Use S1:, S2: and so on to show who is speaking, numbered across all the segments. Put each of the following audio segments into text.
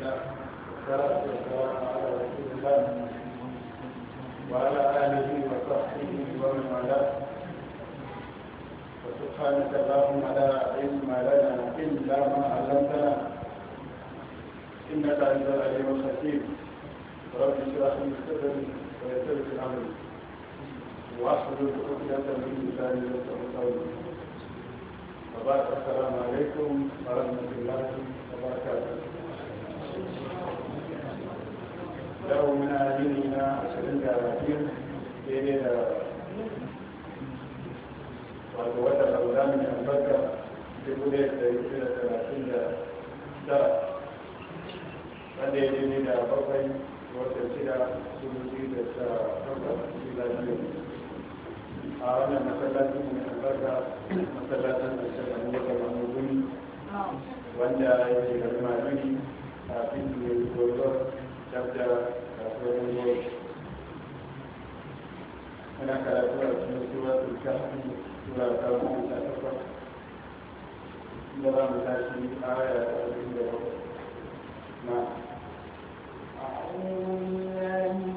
S1: وعلى آله وصحبه ومن والاه وسبحانك اللهم لا علم لنا إلا ما علمتنا إنك أنت العليم الحكيم رب اشرح لي صدري ويسر لي أمري واحلل عقدة من لسان يفقه قولي وبارك السلام عليكم ورحمة الله وبركاته yau muna yini na ashirin da biyu daidai da wato wata saura mai albarka dubu ɗaya da yuki da talatin da da wanda ya daidai da bakwai wata shida dubu biyu da ta takwas shida biyu a wannan masallacin mai albarka masallacin da shi da wata da wani wanda ya ke da rumani a fiye da chapter 28 uh, ana karatu a cikin suratul kahfi sura ta goma sha
S2: أعوذ بالله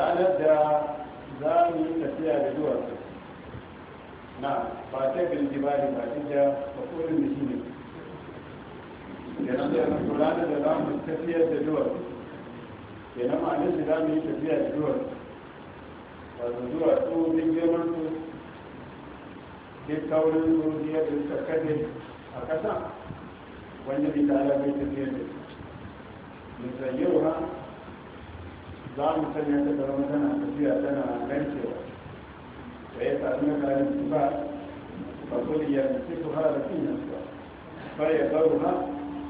S1: ranar da za mu yi tafiya da duwatsu na ba ta bilji ba ba ta da da shi ne ranar da za mu da duwatsu kenan ma'anin shi za mu yi tafiya da duwatsu wato duwatsu duk girman su duk kaurin su da suka kaje a ƙasa wani bi ta ala bai tafiyar da su za mu sanya ta zama tana tafiya tana rancewa da ya sami na kayan ba ba ya nufi su har da fin yanzu ba ya baro ha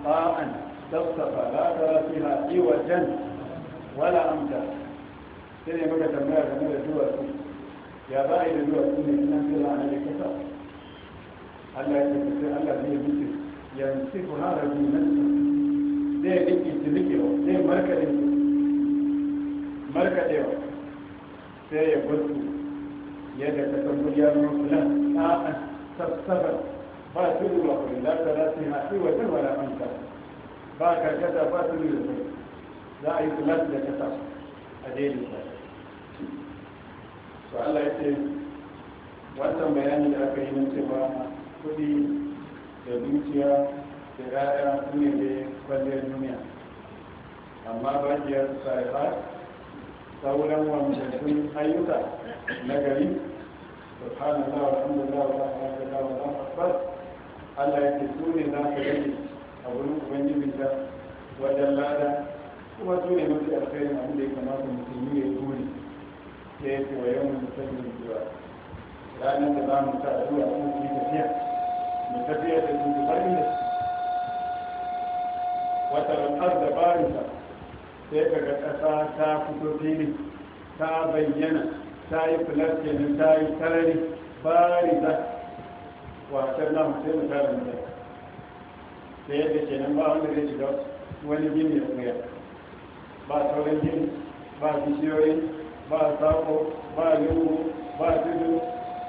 S1: ba'an dafsafa la ta rafi ha wala amta sai ne muka tambaya game da duwatsu ya ba a yi da duwatsu ne nan sai za a nade kasa Allah ya ce sai Allah zai mutu yanzu ku har da fin yanzu zai rike tilikewa zai markarin markaɗewa sai ya gwasu yadda ka san muryar mafulan ta'an sassaban ba tudu ba kuri za ta rasu haɗi wa ta wala amsa ba karkata ba su yi da kai za a yi filan da kasa a daidai Ba to Allah ya ce wannan bayani da aka yi na cewa kuɗi da dukiya da ra'ayi su ne da kwallon duniya amma ba bakiyar sarrafa sauran wancancin ayyuka na gari subhanallah alhamdulillah wa ta'ala wa ta'ala Allah ya ce su ne za ka gani a wurin ubangiji ta wajen lada kuma su ne mafi alkhairin abin da ya kamata mutum ya dole ya yi koyon musamman zuwa ranar da za mu sa zuwa sun fi tafiya mu tafiya da su su bari da wata ranar da barin sai kaga ƙasa ta fito fili ta bayyana ta yi filastin ta yi ba bariza wasan na sai mu tara sai da yadda ke nan ba wanda zai shiga wani gini ya tsaya ba sauran gini ba bishiyoyi ba sako ba lungu ba tudu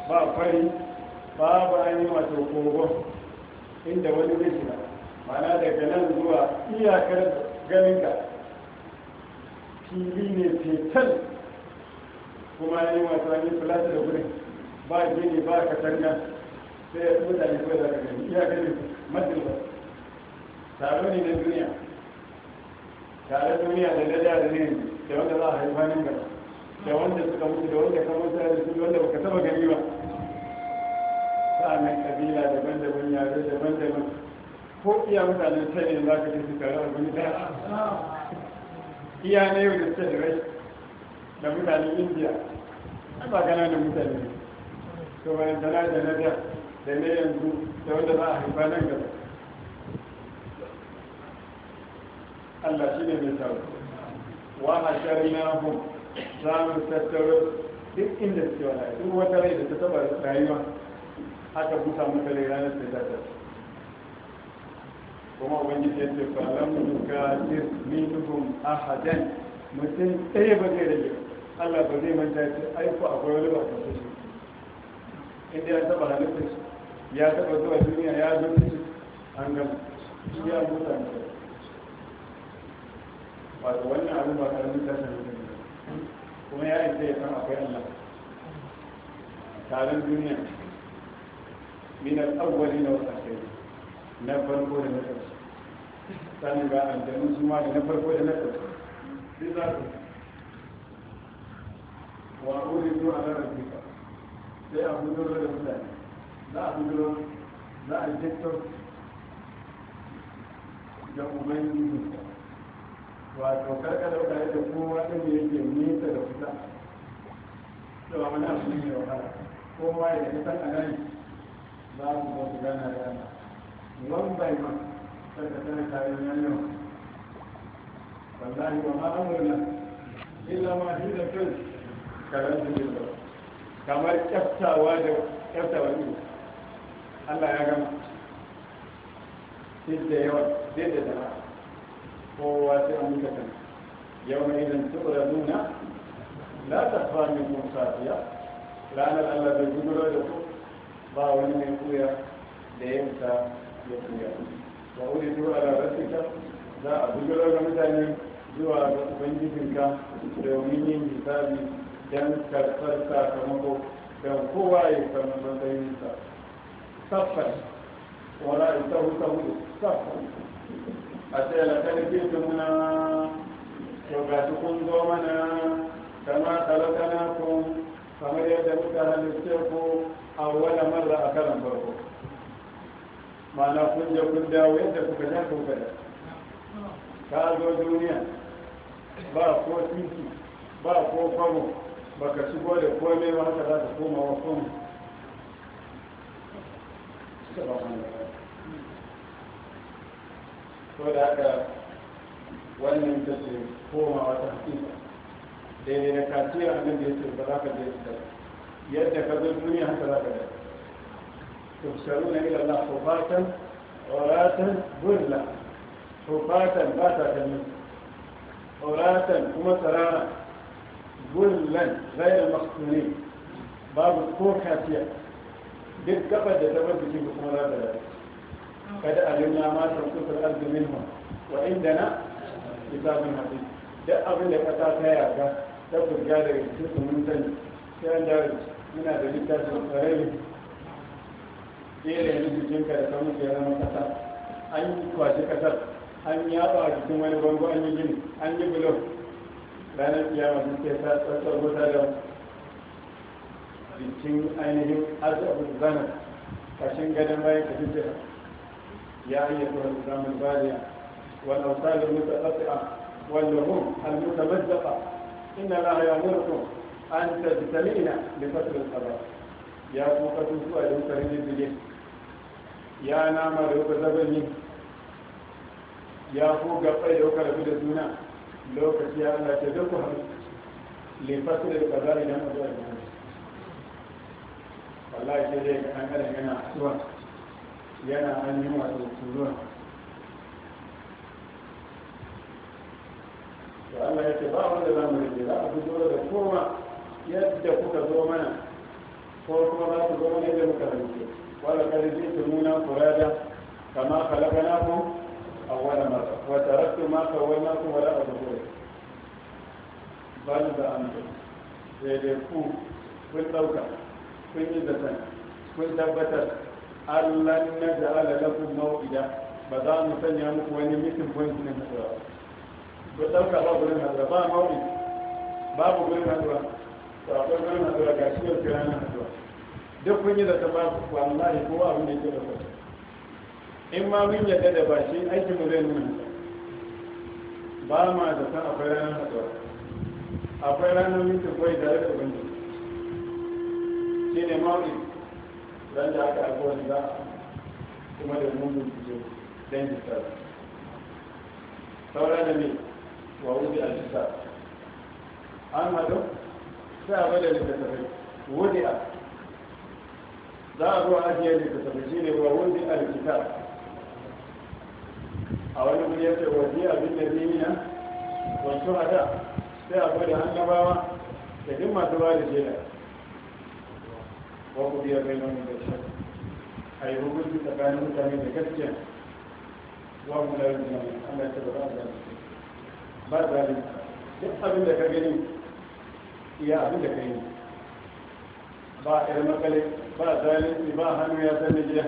S1: ba fari ba an yi wato kogon inda wani zai shiga na daga nan zuwa iyakar ganinka fili ne fetal kuma ya yi wasa ne filata da wurin ba gini ba katanga sai mutane kawai za ka gani iya gani majalba taro ne na duniya tare duniya da na da ne da wanda za a haifa nan gaba da wanda suka mutu da wanda ka mutu da su wanda baka taba gani ba sa'annan kabila daban-daban yare daban-daban ko iya mutanen ta ne za ka ji su tare da wani
S3: da
S1: iya na yau da suke da rai da mutanen indiya ai ba gana da mutane ne to bayan tana da na da da na yanzu da wanda za a haifa nan gaba Allah shi ne mai tsaro wa a sharinahum za mu tattaro duk inda suke wala duk wata rai da ta taba rayuwa aka busa mata rai ranar da ta tashi kuma ubangiji ya ce falam yukadir minhum ahadan mutum ɗaya ba zai rage Allah ba zai manta ce aiko akwai wani ba ta shi inda ya taba halittar shi ya taba zuwa duniya ya zo shi an ga shi ya mutu an gama wato wannan abin ba karamin tashin hankali kuma ya isa ya san akwai Allah taron duniya min al-awwalin wa akhirin na farko da na ƙarshe sani ga aljanu su ma na farko da na ƙarshe sai za su wa uri zuwa na rafika sai a budurwa da mutane za a budurwa za a jektar da wato karkar da da kowa ɗin da yake nesa da kusa cewa wani abu ne wahala kowa ya san a nan za su zo su gana da ana one by one suka tana kayan yanyan wallahi wa ma'amurna illa ma shi da kai karan su ne kamar kyaftawa da kyaftawa ne Allah ya gama duk da yawa duk da dama kowa sai an muka kan yau mai idan tukura nuna la ta fara min kun safiya ranar Allah bai gudunar da ku ba wani mai kuya da ya fita ya kuya wa wuri zuwa da rasika za a bugurar da mutane zuwa ga ubangijinka domin yin hisabi don karɓar sakamako don kowa ya samu matsayinsa saffan wala ita huta hudu saffan a ce lakarfi tumuna to ga kun zo mana kama talakana kun kamar yadda muka halitta ku a wani marar a karan farko ma'ana kun je kun dawo yadda kuka ja kun gada ka zo duniya ba ko tinki ba ko kwamo baka shigo da komai ba haka za ka koma wa kwamo ko da haka wannan ta ce komawa ta hakika daidai da kaciyar abin da ya ce ba za ka je su da yadda ka zo duniya haka za ka da تبصرون إلى الله حفاة عراة برلا حفاة باتا تنين عراة كما برلا غير مقتولين باب الكور كافية duk gabar da ta bar jiki ba kuma za ta dace kada alimna ma tankusul ardu minhum wa abin da kasa ta yaga ta burga da rikici mun sani sai an dawo muna da littafin tsarari sai da yanzu jikinka da samun ya zama ƙasa. an kwashe kasar an yaba a cikin wani bango an yi gini an yi bulo ranar kiyama sun ce tsatsar wuta da jikin ainihin azabu zanen kashin gadon bayan ka jijjira ya ayyuka zamun baliya wal awsal mutaqatta واللحوم المتمزقة إن الله da أن تجتمعنا Ya kuma يا zuwa قتوس أيها jirgin. ya nama da kuka zabani ya ku gaba da kuka rabu da juna lokaci ya Allah ce duk wani hannu lefasu da kaza idan na mazuwa da wallahi zai ga an kada yana suwa yana an yi wasu zuwa da Allah ya ce ba wanda za mu rike za a zuwa da koma yadda kuka zo mana ko kuma za ku zo mana yadda muka rike ولقد جئتمونا فرادا كما خلقناكم أول مرة وتركتم ما خولناكم ولا أبدون بل بأمر يدركوا كل دوكة كل نزة كل دبتة ألن نجعل لكم موئدا بدأ مسنيا مكواني مثل بوينت من الأسرار بدوكة باب لنا باب موئد باب لنا الرباء فأقول لنا الرباء كاشير كرانا الرباء duk kun yi da ta ba wallahi kowa abin da ke da ku in ma mun yadda da ba shi aikin mu zai nuna ba ma da san akwai ranar haɗuwa akwai ranar minti kawai tare da ubangiji shi ne mawuyi ran da aka da za kuma da mugun fito don jisar saura da ne wa wuce ji jisar an haɗu sai a bada littattafai wuce a za a zo ajiye ne ta tafi shi ne wa wanda alkitab a wani wuri ya wani waje abin da zai wancan hada sai a gwada an gabawa da duk masu ba da jela wa ku biya bai nan da shakka a yi hukunci tsakanin mutane da gaskiya wa mu da yin jami'a an da ta ba da ba ba zalim duk abin da ka gani iya abin da ka yi ba a irin makalai ba zalunci ba hannu ya sani jiya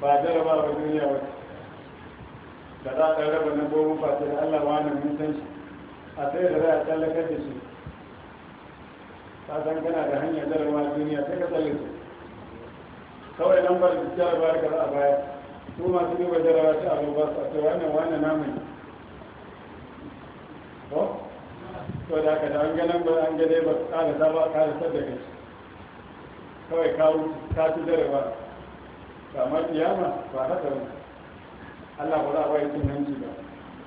S1: ba jaraba ba duniya ba da za a raba na goma ba da Allah wani mun san shi a sai da za a tsallakar da shi ta san kana da hanyar jaraba duniya sai ka tsalle su kawai nan lambar jaraba da a baya su masu duba jaraba ta abu ba su a ce wannan wannan namu ne to da aka da an ganin ba an gane ba su ƙarasa ba a ƙarasar da kai kawai kawo ta ci ba, kamar kiyama ba haka ba Allah ba za a bai cin hanci ba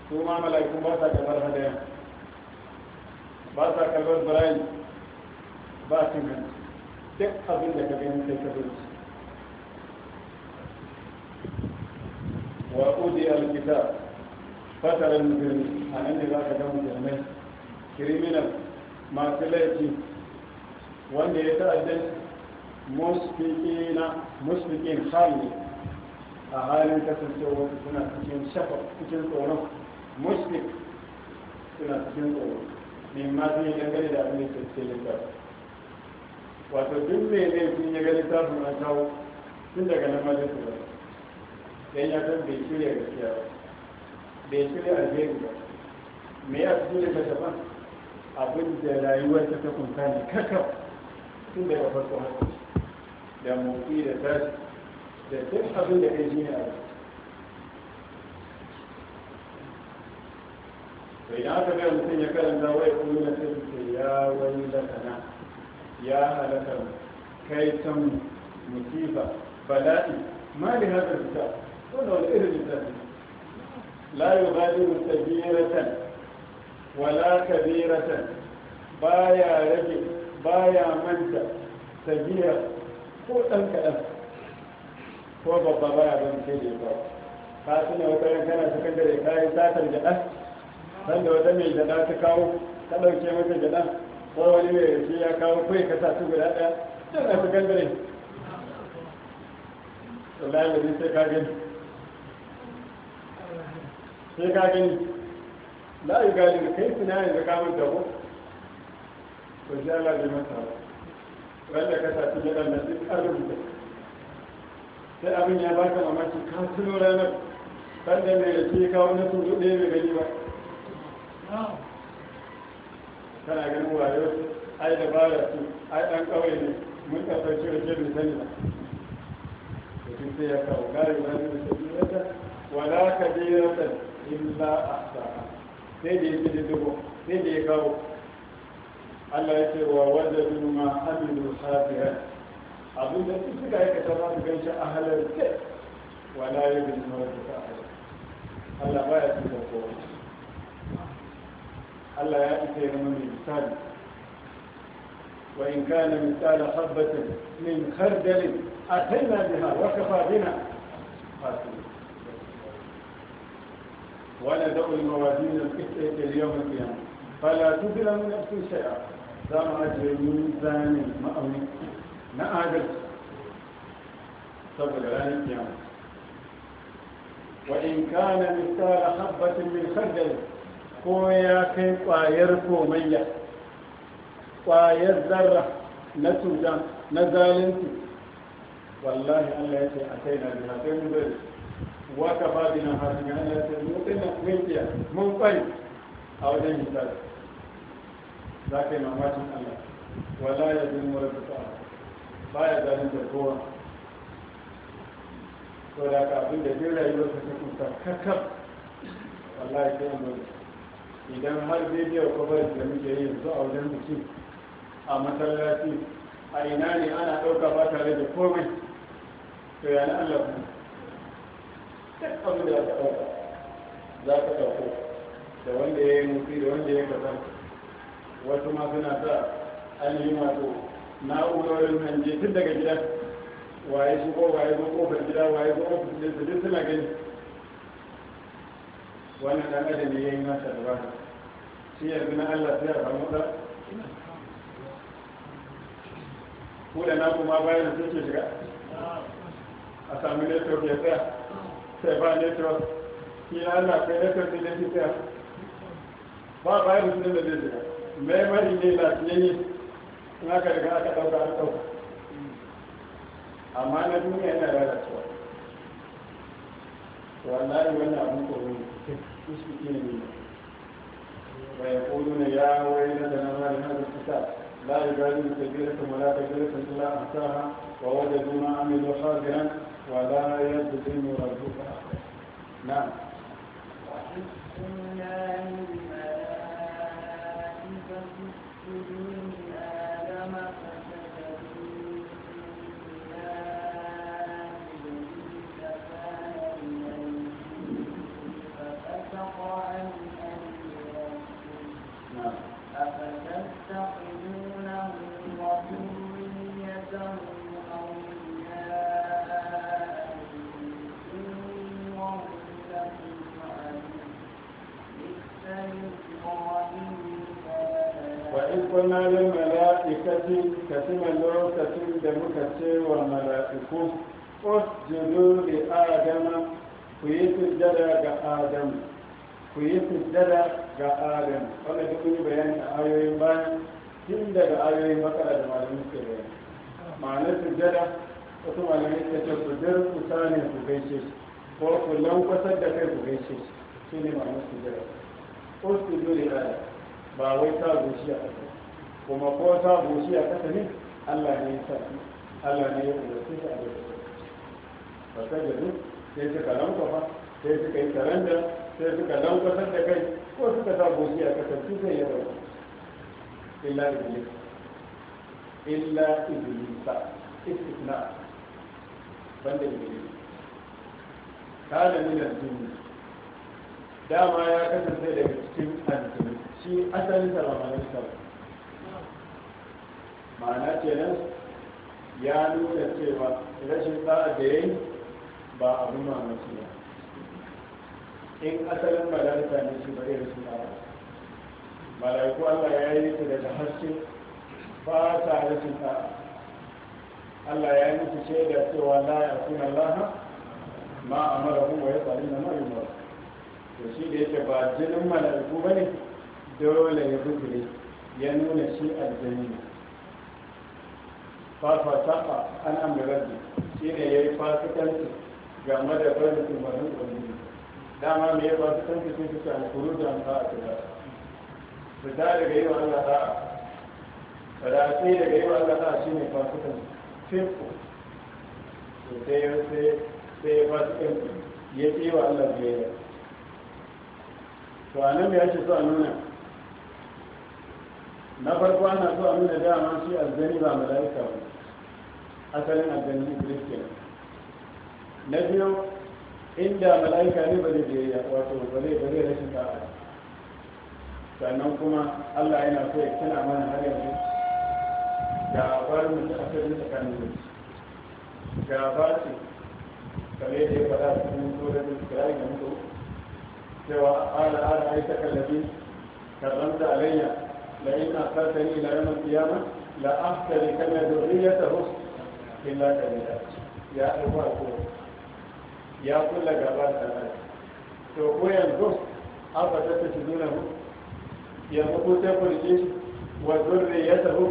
S1: su ma mala'iku ba sa karɓar hadaya ba sa karɓar barayi ba cin hanci duk abin da ka gani sai ka zuci wa udi alkita fataran mujrimi a nan da za ka ga mujrimai criminal masu laifi wanda ya ta'addanci musfikina musfikin hali a halin kasancewa suna cikin shafa cikin tsoron musfik suna cikin tsoro ne ma zai dangane da abin da ke littafi wato duk mai laifin ya ga littafin an kawo tun daga nan tsoro dan ya bai gaskiya ba bai shirya alheri ba me abin da rayuwar ta ta kunta ne kakau tun daga farko har da motsi da tashi da duk abin da ya jini a to idan aka ga mutum ya karanta wai kuma na sai ya wani lakana ya halakar kai can musifa bala'i ma da haka fita da wani irin littafi la yubadiru sabiratan wala kabiratan baya rage baya manta sabira ko ɗan kaɗan ko babba ya zan ce ba ka tuna wata yan kana dare. ka yi satar ɗan da wata mai gaɗa ta kawo ka ɗauke mata gaɗa ko wani mai rake ya kawo kai ka sa su guda ɗaya ɗan a dare. wallahi da sai ka gani sai ka gani la yi gani kai suna yanzu kamun tabo ko shi ala bai masa ba wanda ka sa cikin ranar sai abin ya baka mamaki ka tuno ranar wanda mai sun zuɗe mai gani ba kana ganin wayo ai da bara su ai ɗan ƙauye ne mun ɗafarci rake mai sani ba sai ya kawo gari wani da sabirata wala ka biratan illa a sa'a sai da ya fi da dubu sai da ya kawo Allah ya ce wa wajadu ma hamilu sabiran abin da suka aikata za su gan shi a halarce wala ya bin mawajata Allah ba ya tuka kowa Allah ya ita ya zama mai misali wa in kana misali habbatin min kardalin a taina biha wa kafa bina fasili ولا دعوا الموازين القسط اليوم القيامه فلا تظلم نفس شيئا za mu ajiye mizanin ma'auni na adalci saboda ranar kiyama wa in kana misala habbatin min khardal ko ya kai kwayar komayya kwayar zarra na tuja na zalunci wallahi Allah ya ce a kai na biya sai mun bari wa kafa har hasin Allah ya ce mun kai mun kiya mun kwai a wajen hisabi za ka yi mamakin Allah wala ya mura wani ta'a ba ya zalin da kowa to da ka abin da zai rayuwar ka ta kusa kakar wallahi sai an mura idan har zai biya kwabar da muke yi yanzu a wajen bikin a masallaci a ina ne ana ɗauka ba tare da komai to ya na Allah ku duk abin da aka ɗauka za ka ɗauko da wanda ya yi mutu da wanda ya kasance wasu ma suna sa ainihin wato na'urorin je tun daga gida waye ko waye zo kofar gida waye zo ofis ne su duk suna gani wannan dan adam ne nasa masa ba shi yanzu na Allah sai ya samu da ko da na kuma bayan sun ce shiga a sami network ya tsaya sai ba network shi na Allah kai network din ya tsaya ba bayan sun da zai shiga mai ne ba ne ne in riga amma na duniya yana lalacewa wallahi wannan ko ne ne wa ya waylatana ma li hadha al-kitab la wa wajadu ma amilu hadiran wa la rabbuka wa kuna lil mala'ikati ka tuna lokacin da muka ce wa mala'iku usjudu li adama ku yi sujjada ga adam ku yi sujjada ga adam wanda duk yi bayani a ayoyin bayan tun daga ayoyin makara da malamin suke bayani ma'anar sujjada wasu malamai suka ce ku dir ku sani ku gaishe shi ko ku lankwasar da kai ku gaishe shi shi ne ma'anar sujjada usjudu li adama ba wai ta zuciya a kai kuma ko ta goshi a kasa ne Allah ne ya sa Allah ne ya umarci shi a da ba ta da duk sai suka lankwafa sai suka yi taranta, sai suka lankwasar da kai ko suka ta goshi a kasa su sai ya rauta illa iblis illa iblisa istisna banda iblis kana min al-jinn dama ya kasance daga cikin aljinn shi asalin sa ba malaika ba ma'ana nan ya nuna cewa rashin sa'a da yayi ba abu mamaki ba in asalin mala'ika ne shi bare da suna ba mala'iku Allah ya yi nufi daga haske ba ta rashin sa'a Allah ya yi ce da cewa la ya kuna laha ma amara kuma ya tsari na mai mara to shi da yake ba jinin mala'iku ba ne dole ya bugire ya nuna shi aljani ne fafata an amurabbi shi ne ya yi fasikanci game da barin umarnin ubangiji dama me ya fasikanci sun fi shan kuru da amsa a kira su ta daga yi wa allah a fadatsi daga yi wa allah ta'a shi ne fasikanci fifo to sai ya sai ya fasikanci ya fi wa allah biyayya to a nan ya ce so a nuna na farko ana so a nuna dama shi azzani ba mala'ika ba asalin aljanni kristiyan na biyu inda mala'ika ne ba zai biyayya wato ba zai ba zai rashin ta'a sannan kuma allah yana so ya tana mana har yanzu ga farin ta a sirrin tsakanin nuna. ga baci kare da ya faɗa cikin tsoron kirari da mutu cewa ala ala ta kallabi da alayya la ina sartani ila yawan kiyama la ahtari kana zurriyatahu illa kalila ya ɗauka ko ya kula gaba da nan to ko yanzu an ba ta tafi nuna mu yanzu ko sai ku rike shi wa zurriyatahu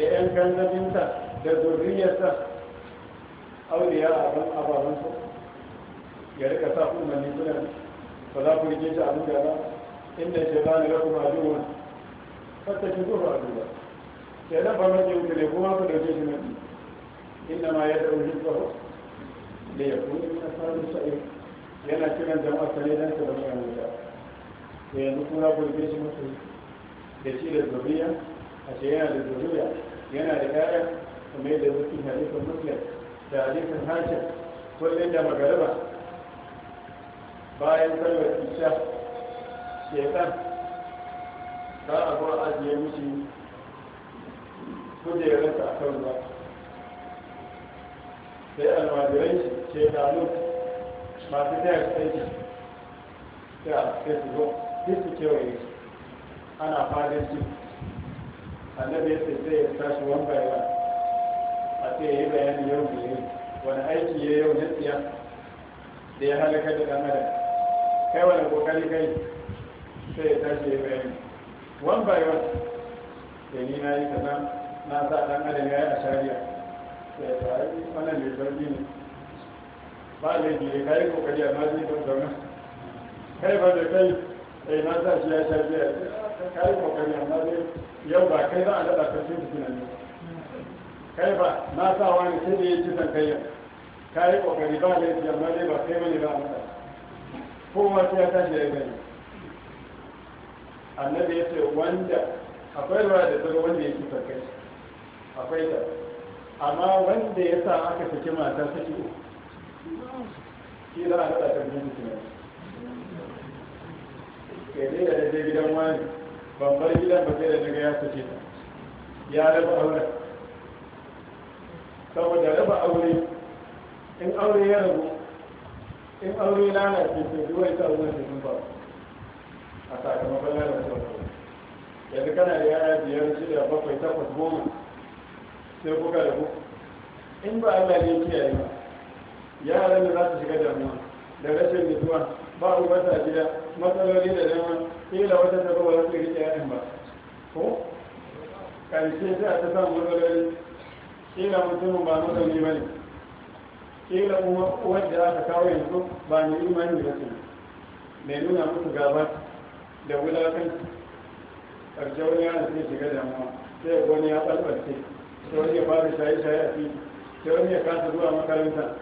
S1: da 'yan kanzabinta da zurriyarsa auliya abin ababen ababansu ya rika sa kuma umarni kuna ba za ku rike shi a da ba inda ke ba ni lakum aduwwan fattakin zuwa aduwwa kenan ba mace ku ne kuma ku dauke shi na mafi إنما يدعو حزبه ليكون من أصحاب السعير yana kiran jama'a tare da ta bani amurka to yanzu kuma gurbe shi mutu da shi da zuriya a ce yana da zuriya yana da yaya kuma yadda zuki hadisin muslim da hadisin hajjar kullum da magariba bayan sallar isha shekar za a zo a ajiye mishi kujerarsa a kan ruwa sai almajirai ce ke kalu masu taya su ta da sai su zo duk su kewaye su ana fadin su annabi ya sai ya tashi wan bayan a ce ya yi bayani yau da yau wani aiki ya yau na tsiya da ya halaka da kamara kai wani kokari kai sai ya tashi ya bayani wan bayan da ni na yi kaza na sa ɗan adam ya yi a shari'a wannan mai zargi ne ba laifi ne ka yi amma zai don da kai sai na sa shi ya sha biya ka yi kokari amma zai yau ba kai za a daɗa ka ce fitina ne kai ba na sa wani sai da ya ci san kai yau ka yi kokari ba laifi amma zai ba kai bane ba masa kowa sai ya shi ya gani annabi ya ce wanda akwai ruwa da tsaro wanda ya ci san kai akwai ta amma wanda ya sa aka saki mata saki uku shi za a rada ta biyan mutum kai ne da daidai gidan wani ban bar gidan ba sai da daga ya saki ta ya raba aure saboda raba aure in aure ya rabu in aure lalace to duwai ta aure wani sun ba a sakamakon lalacewa yanzu kana da yara biyar shida bakwai takwas goma sai kuka da rabu in ba Allah ne kiyaye ba yaran da za su shiga damuwa da rashin mutuwa ba ku bata gida matsaloli da dama kila wata ta ba su rike yaran ba ko karshe sai a ta samu matsaloli kila mutumin ba matsaloli ba ne kila uwar da aka kawo yanzu ba ni imani ba ce mai nuna musu gaba da wulakan? ƙarshe wani yana sai shiga damuwa sai wani ya ɓalɓalce sai wani ya fara shaye-shaye a fili sai wani ya kasa zuwa makaranta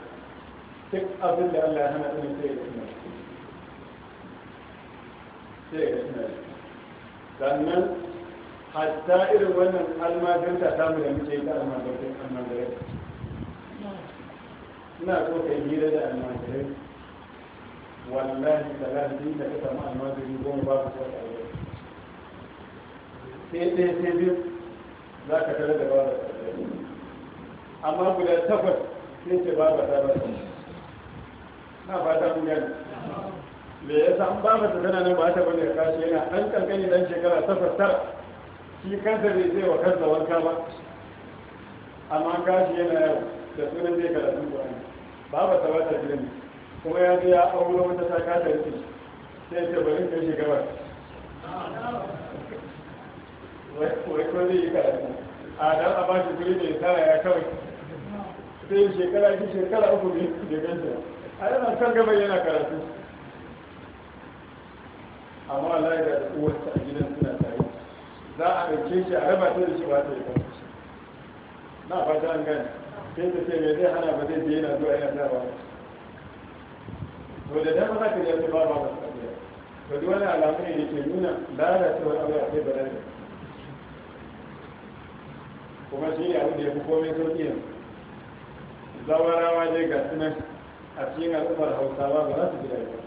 S1: duk abin da Allah ya hana ɗin sai ya suna sai ya suna sannan hatta irin wannan almajanta samu da muke ta almajantar almajantar ina so ka yi hira da almajantar wallahi talatin da ka samu almajantar goma ba ku kwata a yau sai ɗaya sai biyu za ka tare da babar amma guda takwas sai ce ba ta ba na fata ku gani me ya yasa an ba ta tana nan ba ta bane kashi yana dan kankani dan shekara takwas tara shi kansa bai zai wa kansa wanka ba amma kashi yana yau da sunan zai karatu ba Ba ta ba ta gidan kuma ya je ya auro wata ta kata rike sai ce bari kai shi wai ko zai yi karatu a dan a bashi guri mai tsara ya kawai sai shekara shi shekara uku ne da ganta a yana kan gaba yana karatu amma Allah da kowace a gidan suna tare za a ɗauke shi a raba ta da shi ba ta yi kawai na fata an gani sai ta ce mai zai hana ba zai je yana zuwa yana zuwa to da dama za ka je ta ba ba ba ta to duk wani alamu ne da ke nuna lalacewar abu a kai ba kuma shi ne abin da ya fi komai sauƙi yanzu zawarawa dai ga sunan a cikin al'ummar hausawa ba za su ji daɗi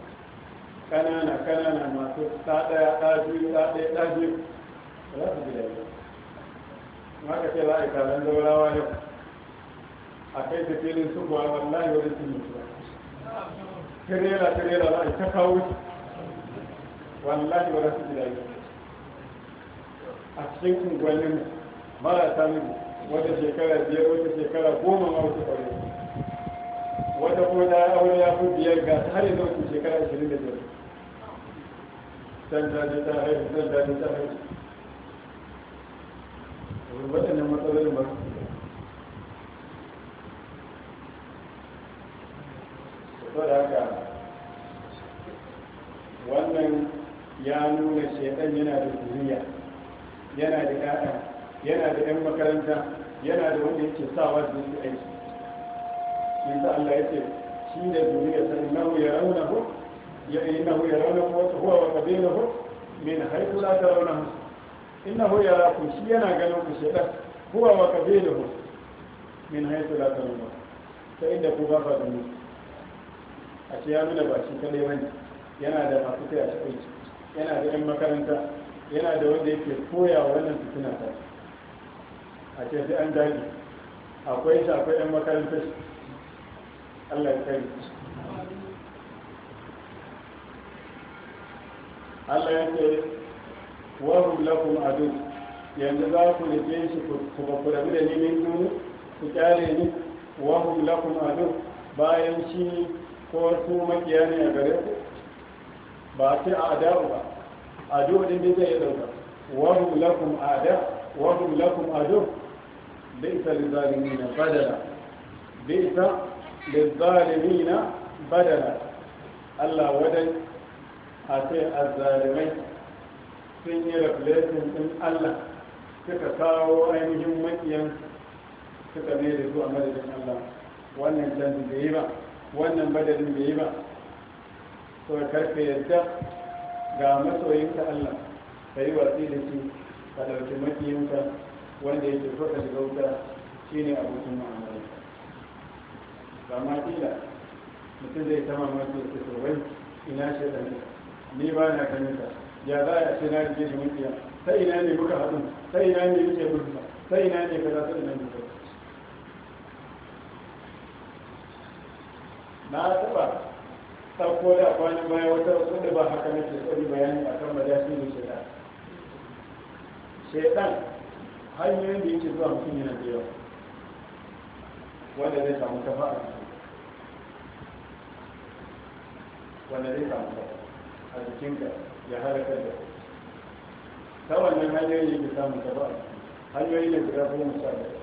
S1: Ƙanana, ƙanana, masu ta ɗaya ta biyu ta ɗaya ta biyu ba za su ji daɗi ma ka ce la'ayi taron zawarawa yau a kai ta filin su kuwa wallahi wani su mutu tirela tirela la'ayi ta kawo wallahi ba za su ji daɗi a cikin unguwannin mu ta miji wata shekara biyar wata shekara goma ma wata aure wata kuma ta aure ya fi biyar ga har yanzu wata shekara ashirin da biyar can ta je ta haihu can ta je ta haihu ne matsalolin ba su haka wannan ya nuna shaidan yana da zuriya yana da ƙaƙa yana da 'yan makaranta yana da wanda yake sa da yake aiki shi sa Allah ya ce shi ne duniya sai nahu ya rauna ku ya yi nahu ya rauna ku wata huwa wa kabila hu min haiku la ta rauna hu inna hu ya raku shi yana ganin ku shaɗa huwa wa kabila hu min haiku la ta rauna ta inda ku ba fa da mu a ce ya nuna ba shi kadai bane yana da masu kai a shi aiki yana da 'yan makaranta yana da wanda yake koya wannan fitina ta a ce sai an daji akwai shi akwai yan makarantar Allah ya kai Allah ya ce wahum lakum adu yanzu za ku rike shi ku ba da ni min ku ku kyale ni wahum lakum adu bayan shi ko su makiya ne a gare ku ba sai a adabu ba adu din da zai dauka wahum lakum ada wahum lakum adu ليس للظالمين بدلا ليس للظالمين badala. Allah wadai a ce azzalimai sun yi reflection din Allah suka kawo ainihin makiyan suka ne da zuwa madadin Allah wannan canji bai yi ba wannan badalin bai yi ba to karfe yadda ga masoyinka Allah ka yi watsi da shi ka ɗauki makiyanka. wanda yake so ka shiga wuta shine abokin mu'amala ba ma ila mutum zai ta mamaki ya ce wai ina shi da ni ba na ganin ka ya za a ce na rike shi mun kiyama ta ina ne muka haɗu ta ina ne muke gudunsa ta ina ne ka za ta ina ne kaza na taɓa ɗauko da kwanan baya wata wanda ba haka nake tsari bayani a kan madafin shaidan shaidan hanyoyin da yake zuwa mutum yana da yawa wanda zai samu kafa a cikin wanda zai samu kafa a jikinka ya halakar da ta wannan hanyoyin yake samu kafa a cikin hanyoyin da zai goma sha biyar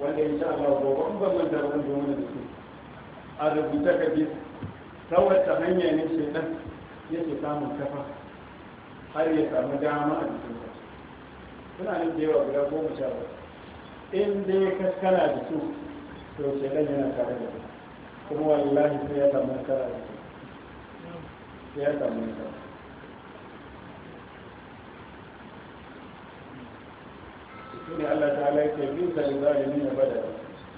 S1: wanda in sha Allah gobe ban ban da ban zo mana da su a rubuta ka bi ta wata hanya ne dan yake samun kafa har ya samu dama a jikinka suna nan da yawa guda goma sha in dai ka kana da su to shaitan yana tare da su kuma wallahi sai ya samu nasara da su ya samu nasara shine Allah ta'ala yake bin da zalimi ne bada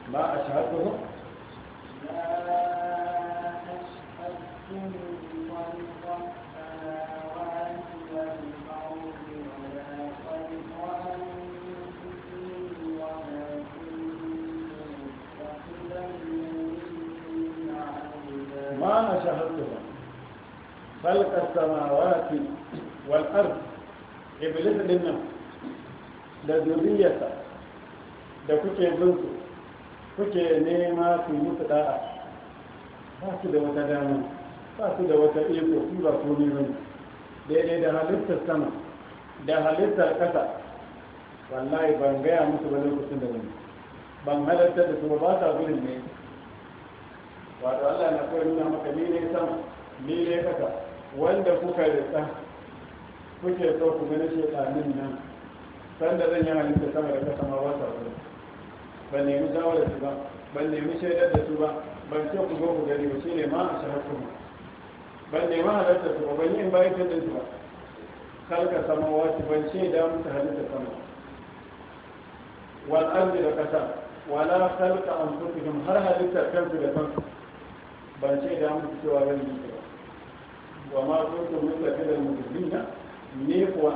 S1: ma ashhadu ma
S2: ashhadu
S1: خلق السماوات والأرض إبليس لنا da kuke binsu kuke nema su musu da'a ba su da wata dama ba su da wata iko su ba su ne bane daidai da halittar sama da halittar kasa wallahi ban gaya musu ba lokacin da wani ban halarta da su ba sa gurin ne wato Allah na ni ne sama ni kasa wanda kuka rika kuke so ku gani shekanin nan sanda zan yi halitta sama da kasa ma wata wani ban nemi shawarar su ba ban nemi shaidar da su ba ban ce ku zo ku gani ba shi ne ma a shahar kuma ban nemi halitta su ba ban yi in bayan fitin su ba kalka sama wata ban shaida ta halitta sama wal arzi da kasa wala kalka an har halittar kansu da kansu ban shaida musu cewa zan yi ba wa ma kuntum min kafirin mujrimina ne kuwa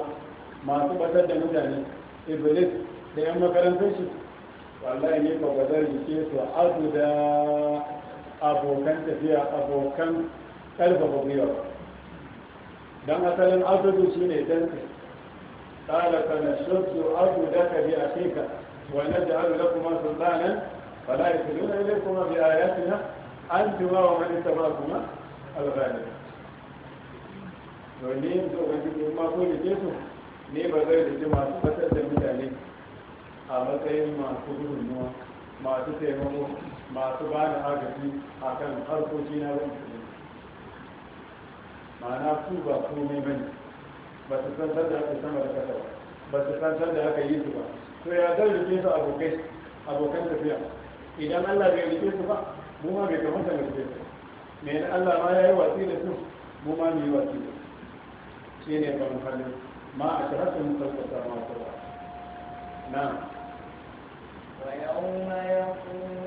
S1: masu batar da mutane iblis da yan makarantar shi wallahi ne kuwa ba zan rike su azu da abokan tafiya abokan ƙarfafa gwiwa dan asalin azudu shi ne dan قال فنشرت أرجلك بأخيك ونجعل لكما سلطانا فلا يصلون إليكما بآياتنا أنتما ومن kuma الغالب to ni yanzu ubangiji in ma ko rike su ne ba zai rike masu fatar da mutane a matsayin masu gudunmuwa masu taimako masu ba da agaji a kan harkoki na zan su ma'ana su ba komai ba ne ba su san sanda aka sama da kasa ba ba su san sanda aka yi su ba to ya zan rike su abokai abokan tafiya idan allah bai rike su ba mu ma bai kamata mu rike su me Allah ma ya yi watsi da su mu ma mu yi watsi da su shi ne ban halin ma a sharatun tabbata ma ta ba
S2: na ya يقول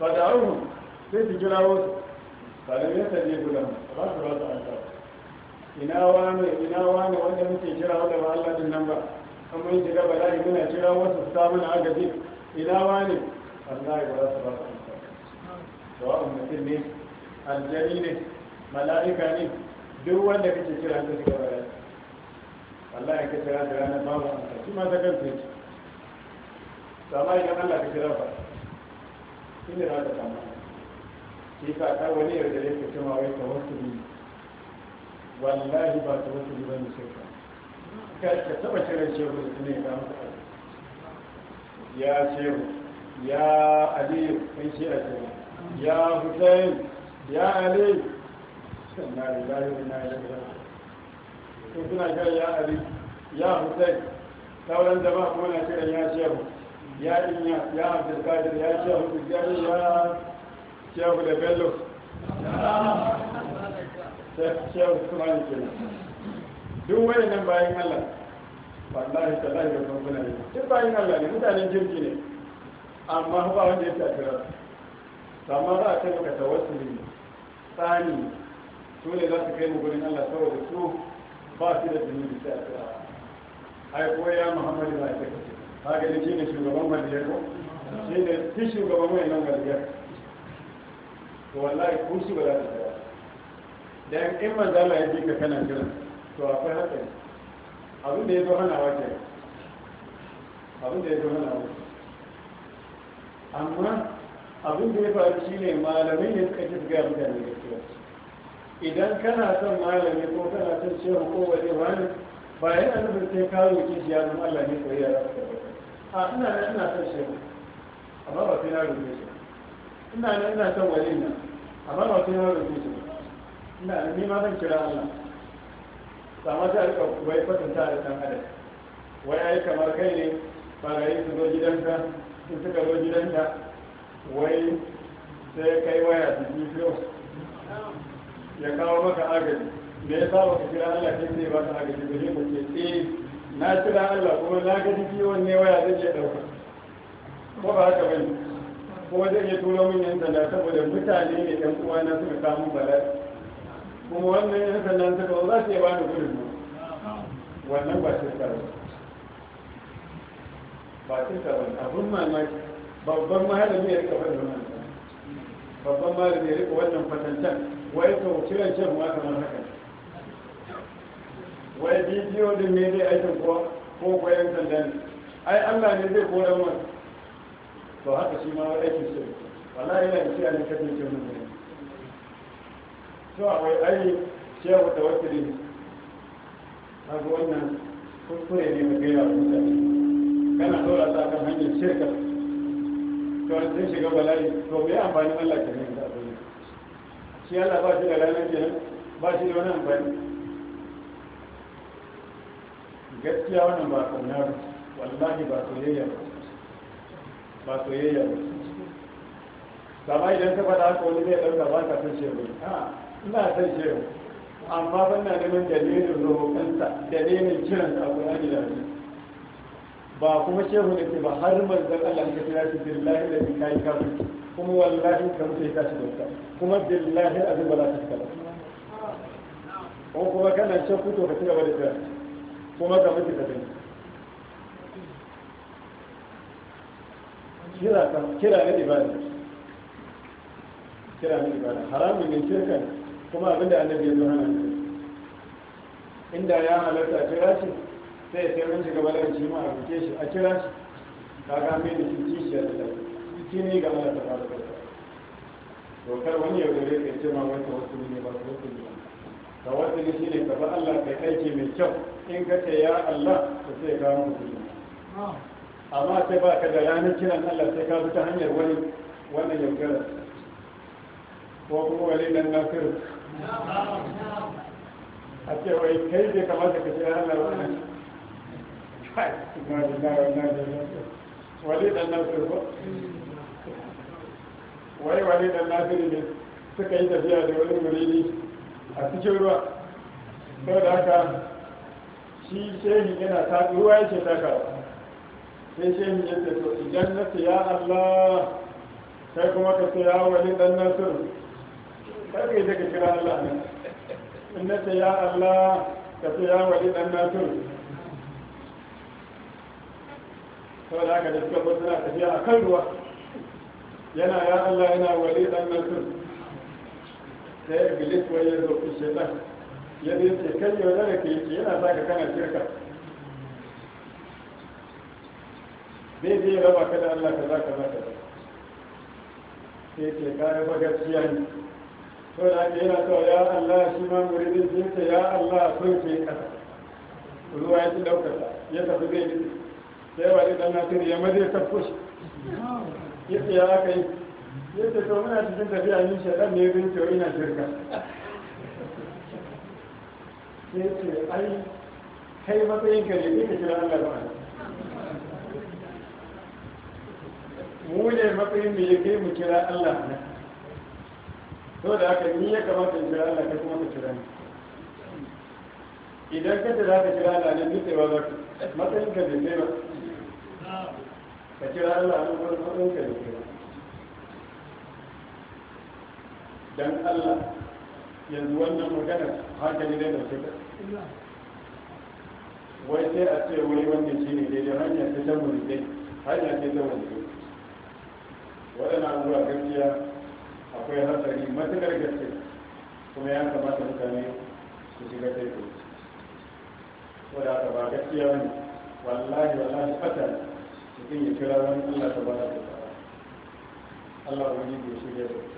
S1: fada'uhu sai su kira wasu kalin ya sanye gudan ba su ba su an sa ina wane ina wane wanda muke kira wanda ba Allah din nan ba kan mun shiga bala'i muna kira wasu su samu na agaji ina wane Allah ya ba su ba su an sa sawa'un mutum ne mala'ika ne duk wanda kake kira ta shiga da ranar babu shi ma Allah ba shi ne za ta kama shi ka ta wani yarda ya kace ma wai tawassuli wallahi ba tawassuli ba ne shirka ka ka taba kiran shehu da tunai ka masa ya shehu ya aliyu kai shi a shehu ya hussein ya ali na lillahi na inna ilaihi raji'un kuna kiran ya ali ya hussein sauran jama'a kuma na kiran ya shehu ya yi ya abdulkadir ya ce hudu gari ya shehu da bello shehu usmani ke duk wani nan bayan allah wallahi tallahi da kuma ne duk bayan allah ne mutanen jirgi ne amma ba wanda ya tafirar amma za a ce maka tawassuli tsani su ne za su kai mu gurin allah saboda su ba su da zunubi sai a tsira ai ko ya muhammadu na ya kace kaga da shi ne shugaban gwaliyar ko shi ne shi shugaban mai nan gwaliyar to wallahi ko shi ba za ta tsaya dan in manzala ya ji ka kana jira to akwai hakan abin da ya zo hana wa kenan abin da ya zo hana wa amma abin da ya faru shi ne malamai ne suka ci su gaya mutane gaskiya idan kana son malami ko kana son shehu ko wani wani ba yana nufin sai ka roƙe shi ya zama Allah ne koyi ya rafa a ina ne ina son shi amma ba sai na rufe shi ina ne ina son wani nan amma ba sai na rufe shi ina nan ni ma zan kira Allah sama ta rika wai kwatanta da ɗan adam wai ai kamar kai ne barayi su zo gidanka in suka zo gidanka wai sai kai waya su bidiyo ya kawo maka agaji me ya sa baka kira Allah sai zai ba ta agaji ba ne mace eh na kira Allah kuma na ga jiki wanne waya zai iya ɗauka ko ba haka bane kuma zai iya turo min yan sanda saboda mutane ne ɗan uwana suka samu bala'i kuma wannan yan sandan suka za su ba ni gudun wannan ba shirka ba ba shirka ba abin mamaki babban malami ya rika faɗin nan. babban malami ya rika wannan fatancan wai kawo kiran shan ma kamar haka wai bidiyo din ne zai aikin kuwa ko kuwa yan sanda ne ai allah ne zai kora mana to haka shi ma aikin shi wala yana da cewa ni kafin shi mun ne to wai ai cewa tawakkali kaga wannan kuskure ne mu gaya wa mutane kana dora ta kan hanyar shirka to an sai shiga bala'i to me amfani Allah ke ne da abin shi Allah ba shi da ranar kenan ba shi da wani amfani gaskiya wannan ba kauna ba wallahi ba soyayya ba ba soyayya ba sama idan ka faɗa haka wani zai ɗauka ba ka san shewa a ina san shewa amma ban na neman dalilin rohokansa dalilin kiransa a ƙulani da shi ba kuma shehu da ke ba har manzan Allah ka kira shi billahi da bi kai ka kuma wallahi ka mutu ya shi dokta kuma billahi azin ba za ta fita ko kuma kana shakku to ka ci gaba da tsaya kuma ka mutu ta gani kira ka kira ne, ibada kira ne ibada haramun ne shirka kuma abinda annabi ya zo nan inda ya halarta a kira shi sai ya sayar shi gaba da shi ma a buke shi a kira shi ka ga mai da shi kishiyar da shi ne ga mara ta fara to kar wani ya gare ka ce ma wata wasu ne ba su wasu ne ba tawakkali shi ne gaba Allah kai aiki mai kyau in ka ce ya Allah to sai ka musulmi amma sai ba ka da ranar kiran Allah sai ka bi ta hanyar wani wannan yaudara ko kuma wani nan na firu a ce wai kai bai kamata ka kira Allah wannan wani dan nasir ko wai wali dan nasir ne suka yi tafiya da wani muridi a cikin ruwa sau da haka shi shehi yana ta ruwa yake takawa sai shehi ya ce to idan na ya Allah sai kuma ka sai ya wani dan nasir kai kai daga kira Allah ne in na ya Allah ka sai ya wani dan nasir sau da haka da suka bata na tafiya a kan ruwa yana ya Allah yana wali dan nasir sai bilis wai ya zo fi shaitan ya zai ce kan yau da ke yake yana sa ka kana shirka zai zai raba ka da Allah kaza kaza kaza ka ce kayan bagaciya ne to da ake yana cewa ya Allah shi ma muridin shi ce ya Allah sun ce kasa ruwa ya ci ɗaukar ya tafi zai sai wani na nasiru ya maje tafko shi ya ce ya aka yi yadda to muna cikin tafiya ni shaɗan ne bin to ina shirka sai ce ai kai matsayin ka ne ka kira Allah ba mu ne matsayin mu ya kai mu kira Allah ne to da haka ni ya kamata in kira Allah ka kuma ka kira ni idan ka za ka kira Allah ne nutsewa za ka matsayin ka ne ba ka kira Allah ne matsayin ka ne kai dan Allah yanzu wannan magana haka ne da ta wai sai a ce wai wannan shi ne daidai hanya ta ta muridai hanya ta ta muridai waɗannan zuwa gaskiya akwai hatsari matukar gaske kuma ya kamata mutane su shiga yi wadda aka ba gaskiya ne wallahi wallahi fata mutum ya kira wani allah ta ba da Allah wani bai shirya da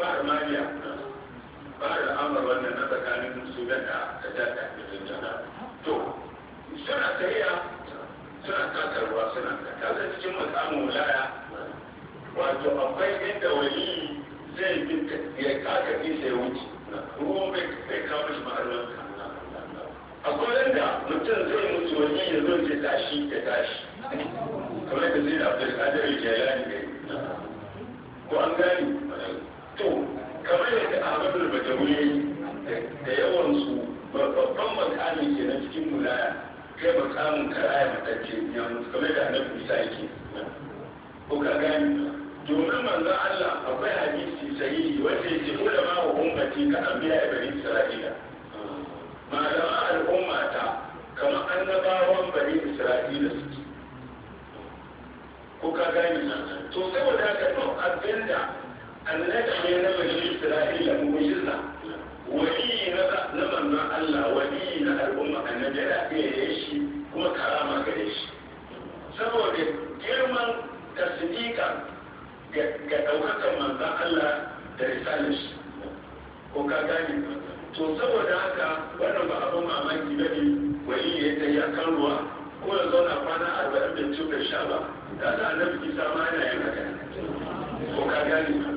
S1: ba armaniya ba da amur wannan na tsakanin musu da da ta ta kafin jana to suna tsayiya suna takarwa suna kasar cikin makamin wilaya wato akwai inda wani zai bi ya kaka nisa sai wuce ruwan bai kawo shi
S2: ma'arin akwai inda mutum zai mutu wani ya zo ya tashi ya
S3: tashi kamar da zai da abdulkadir jelani ne
S2: ko an
S1: gani to kamar yadda ahmadu bajabuli da yawan su babban makami ke na cikin mulaya kai makamin karaya matacce ya mutu kamar da annabi isa yake ko ka gani domin manzon Allah akwai hadisi sahihi wanda yake ulama wa ummati ka anbiya ibn isra'ila malama al'umma ta kama annabawan bani isra'ila suke ko ka gani to saboda haka to abinda annaka ne na bani isra'ila mu'jiza wali na manzon Allah wani wali na al'umma annabi da iya shi kuma karama gare shi saboda girman tasdika ga ɗaukakar manzon Allah da risalar shi ko ka gani to saboda haka wannan ba abin mamaki ba ne wali ya ta ya kan ruwa ko ya zauna kwana arba'in da cikin sha ba ta sa annabi isa ma yana yin haka ko ka gani.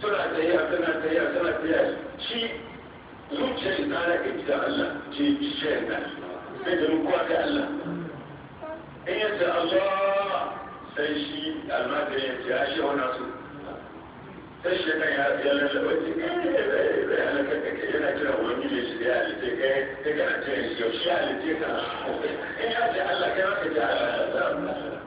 S1: suna tafiya suna tafiya ta tafiya shi zuciyar shi tsara ga gida Allah ce ci shayar da sai da rukuwa ga Allah in ya ce Allah sai shi almajirin ya ce ya shi wani su sai shi kan ya ya lalaba ce zai halaka ka kai yana kira wani ne shi ya halitta kai ta kana kira shi yau shi halitta ka in ya ce Allah kai maka ce Allah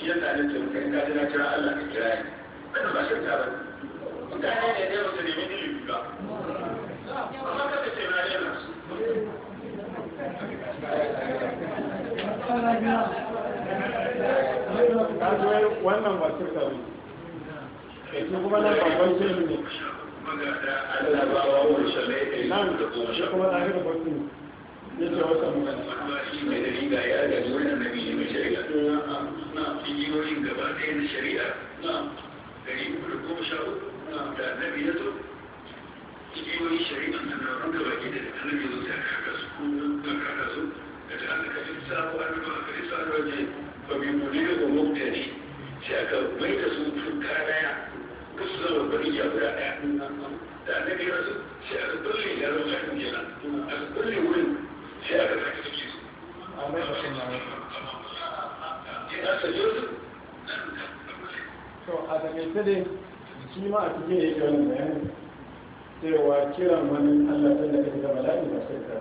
S1: shi yasa na ce maka in ka jira kira Allah ka kira ni wannan ba shirka ba mutane ne ne wasu nemi
S3: ilimi ba amma ka ce na yana su wannan ba shirka ba
S1: ita kuma nan babban shirin ne
S3: Allah ba wa wani shalai nan shi kuma na hira
S1: bakin ya ce wasa mu kan shi mai da riga ya ga wani nabi mai
S2: shari'a
S1: kungiyoyin gaba ɗaya na shari'a gari uku da goma sha uku da annabi ya zo shari'a na nauran gaba ke da annabi zo ta kaka su kuma kaka su da ta aka kafin sabo an ba ka isa da ba mai mune ga mutane sai aka mai da su tuka daya su zama bari ya guda daya da annabi ya sai aka kulle ya zo ka kungiya aka kulle wurin
S3: sai aka sake suke su amma ya fi to
S1: a takaice dai shi ma a cikin yake wannan bayanin cewa kiran wani Allah tun da kake da bala'i ba sai ka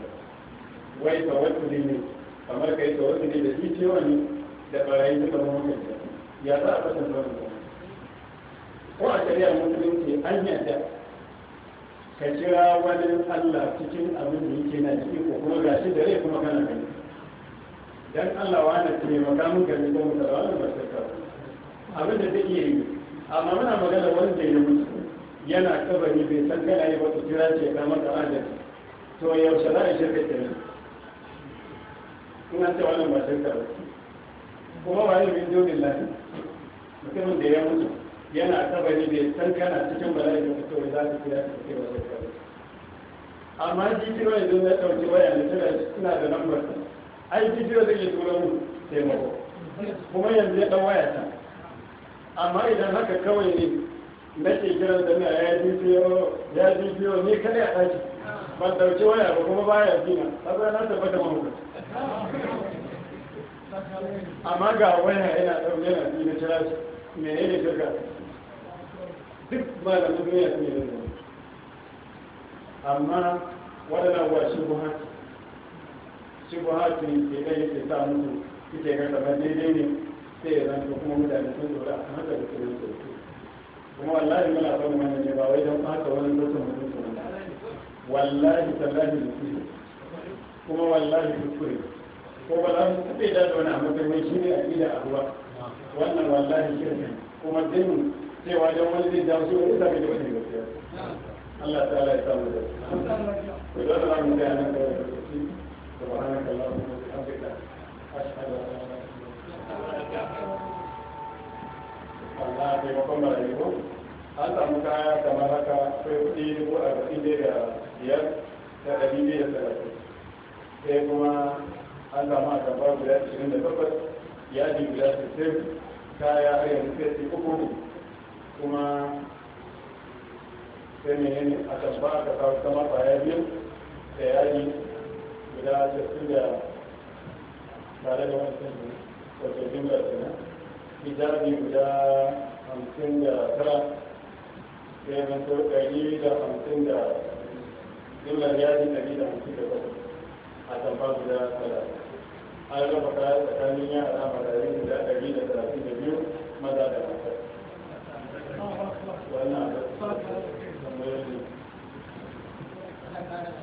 S1: wai ka wata ne kamar kai ka wata ne da shi cewa ne da barayi suka zama kanta ya za a kasance wannan ko a shari'a musulunci an yadda ka kira wani Allah cikin abin da yake na ciki ko kuma gashi da rai kuma kana gani dan Allah wani ce maka muka ne ko da wani masarka abin da take iya yi amma muna magana wanda ya mutu yana kabari bai san kana yi wata jira ce ga maka adalci to yaushe za a shirka ta ne in an ce wannan masarka ba kuma wani bin dole lafi mutumin da ya mutu yana kabari bai san kana cikin bala'i da mutuwa za su kira ta ce wasu kabari amma jikin wani don ya ɗauki waya da suna da lambar ai bidiyo zai yi tura mu taimako kuma yanzu ya dan waya ta amma idan haka kawai ne nake kiran da na ya bidiyo ya bidiyo ne kada ya ɗaki ban dauki waya ba kuma baya bina kaga na tabbata mahukunci
S3: amma ga waya
S1: yana ɗauke na bi na kira shi me ne da shirka duk malamin duniya su ne da amma wadana wa shi kuma shi ko hakin ke kai yake sa musu suke ga kamar daidai ne sai ya zanto kuma mutane sun dora a haka da kuma su kuma wallahi muna son wani ne ba wai don haka wani lokacin mutum su wallahi tallahi mutum kuma wallahi kuskure ko ba za su taɓe da wani a matsayin shi ne a ƙida a ruwa wannan wallahi shirka kuma dinin cewa don wani zai jawo shi wani zaɓe da wani gaskiya Allah ta'ala ya samu da su. Ku zo da mu ga nan kawai سبحانك اللهم وبحمدك أشهد أن لا إله إلا أنت Allah ya taimakon marayu an kamar haka sai kuɗi dubu arba'in ne da biyar da ɗari biyar da talatin sai kuma an samu a gaba guda ashirin da takwas yaji guda sittin kaya har yanzu sai su uku kuma sai menene a tabba ka kawo sama ya biyu da yaji ya tafi da tare da wancan wajen jimla kenan hijabi guda hamsin da tara sai zan to ɗari da hamsin da jimlar yaji ɗari da hamsin da bakwai a tamfa guda talatin an raba kaya tsakanin yara mararin guda ɗari da talatin da biyu maza da mata
S2: wannan a